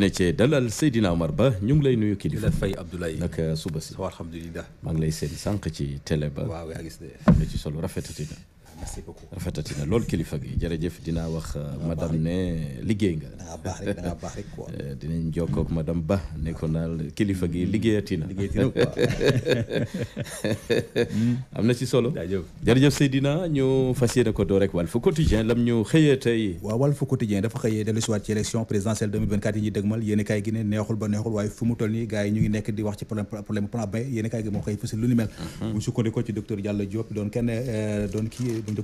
yéene cee dalal Seydina Omar Ba ñu ngi lay nuyu kilifa la fay Abdoulaye naka uh, suba si alhamdulilah maa lay seen sànq ci télé ba waaw yaa de ne ci solo rafetati na merci beaucoup rafetati lool kilifa gi jërëjëf dinaa wax madame ne liggéey nga. da ngaa baax rek da baax rek quoi. Eh, dinañ jokkoo ak madame Ba ne ko kilifa gi liggéeyati na. na quoi. am na ci solo. jaajëf jërëjëf Seydina xëyee dafa si waat ci élection présidentielle 2024 yi ñuy dëgmal yéen gi ne neexul ba neexul waaye fu mu toll yi ñu ngi nekk di wax ci problème problème plan gi moo koy fësal lu ni mel. bu mhm. sukkandikoo ci docteur Diallo Diop doon kenn eh, doon kii bu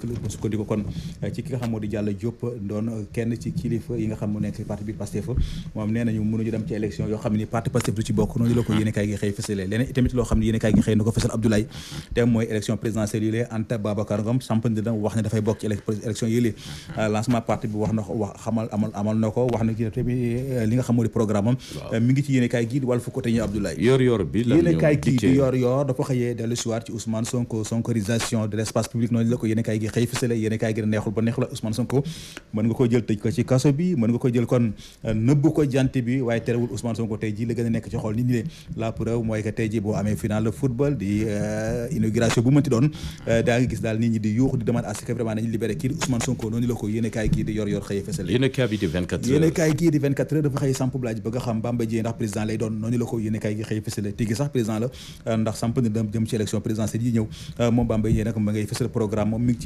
eh, ah. dafay bokk ci élection yi lee ah. euh, lancement parti bi wax na xamal amal na ko wax na euh, li nga xam di programme am euh, ngi ci yéene kaay gi di Walf Quotidien Abdoulaye yor yor bi la yéene kaay gi di dafa xëyee dellu ci Ousmane Sonko sonkorisation de l'espace public noonu la ko yéene kaay gi xëy fësale yéen kaay euh, euh, euh, kii di yor yor xëy fësale yéen kaay bi di 24 heures dafa xëy samp laaj bëgg xam Bamba ndax président lay doon noonu la ko yéen kaay gi xëy fësale tigi sax président la ndax samp na dem jëm ci élection présidentielle yi ñëw moom Bamba Dièye ma ngay fësal programme moom mi ngi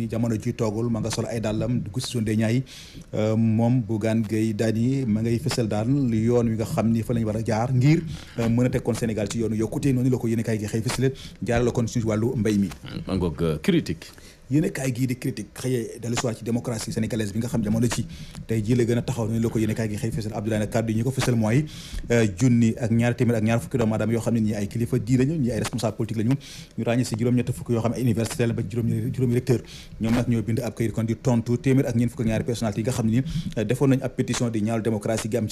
ni jamono ji toogul ma nga sol ay dàllam dugg si suñu ñaay euh, moom Bougane Gueye Dany ma ngay fësal daal yoon wi nga xam ni fa la war a jaar ngir euh, mën a teg kon Sénégal ci yoonu yokkute noonu la ko yéen a kaay gi xëy fësale jaarale kon suñu wàllu mbay mi. yéen a gii di critique xëyee dellu ci démocratie sénégalaise bi nga xam jamono ci tey jii gën a taxaw ni la ko yéen a euh, di euh,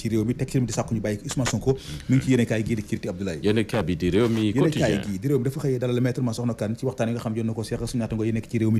réew mi teg ci di réew mi dafa xëyee dalal maître ma soxna kan ci waxtaan yi nga xam yoon na ko seex suñu naata ngoo ci réew mi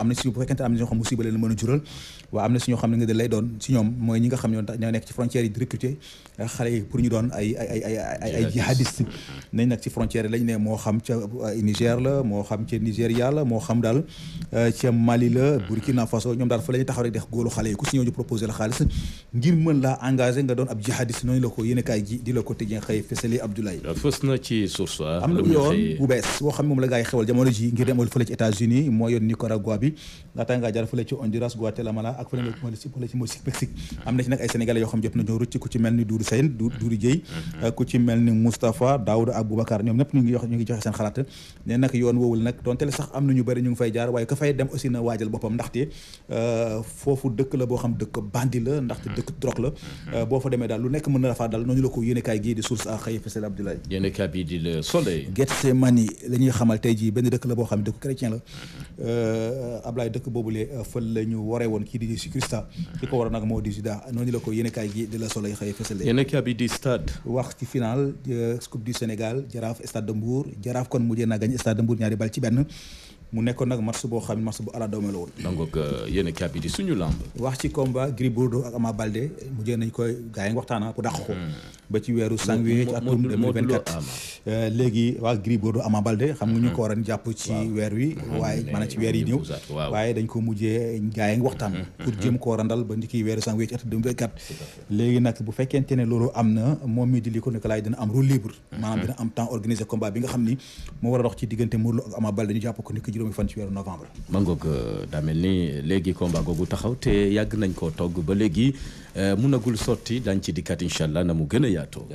am na si bu fekkente am ñoo xam musiba leen mën a jural waaw am na si ñoo xam ne nga da lay doon si ñoom mooy ñi nga xam ñoo ñoo nekk ci frontières yi di eh, xale yi pour ñu doon ay ay ay ay ci frontières yi ne moo xam ca Niger la moo xam ca Nigéria la moo xam daal eh, ca Mali la Burkina Faso ñoom daal fa la ñuy taxaw rek def góolu xale yi ku si ñëw ñu proposé la xaalis ngir mën laa engagé nga doon ab jihadiste noonu la ko yéen kaay gi euh, ah. la ko tëjee xëy fësali Abdoulaye Nicaragua bi laataa ngaa jaar fële ci Honduras Guatemala ak fële ci Mexique am na ci nag ay sénégalais yoo xam jot nañoo rëcc ku ci mel ni Doudou Sène mm-hmm. Doudou Dieye mm-hmm. ñoom ñëpp ñu ngi joxe seen xalaat ne nag yoon woowul nag donte le sax am na ñu bëri ñu ngi fay jaar waaye ka fay dem aussi na waajal boppam ndaxte euh, foofu dëkk la boo xam dëkk bandi la ndaxte mm-hmm. dëkk drogue la euh, boo fa demee daal lu nekk mën na la faa dal noonu la ko a xëy Euh, Ablaye dëkk boobule euh, fël la ñu waree woon kii di Jésus Christa li ko waroon nag moo di Juda noonu la ko yéenekaay gi di la Soleil xëy fësale yéenekaay bi di stade wax ci final euh, coupe du Sénégal Jaraaf Stade de Mbour Jaraaf kon mujjee naa gañ Stade de Mbour ñaari bal ci benn mu nekkoon nag match boo xam ne bu ala doome la woon donc yéenekaay bi di suñu wax ci combat Gris Bordeaux ak Ama Baldé mujjee nañ koy gaa yi waxtaana pour dàq ko hmm. ba ci weeru janvier ci atum 2024 Euh, léegi waa Gris Bordeaux Ama Baldé xam nga ñu ko mm-hmm. waroon jàpp ci weer wi mm-hmm. waaye maanaam ci weer yi ñëw waaye dañ ko mujjee gaay ngi waxtaan mm-hmm. pour jéem koo randal ba ndiki weeru sang wécc at 2024 léegi nag bu fekkente ne loolu am na moom mi di li ko Nicolas dina am roue libre maanaam dina am temps organisé combat bi nga xam ni moo war a ci diggante Modou Lô ak Ama Baldé ñu jàpp ko ni ki juróomi fan ci weeru novembre ma ngoog euh, daa mel ni léegi combat googu taxaw te yàgg nañ koo togg ba léegi euh, munagul sotti dañ ci dikkaat incha allah na mu gën a yaatoo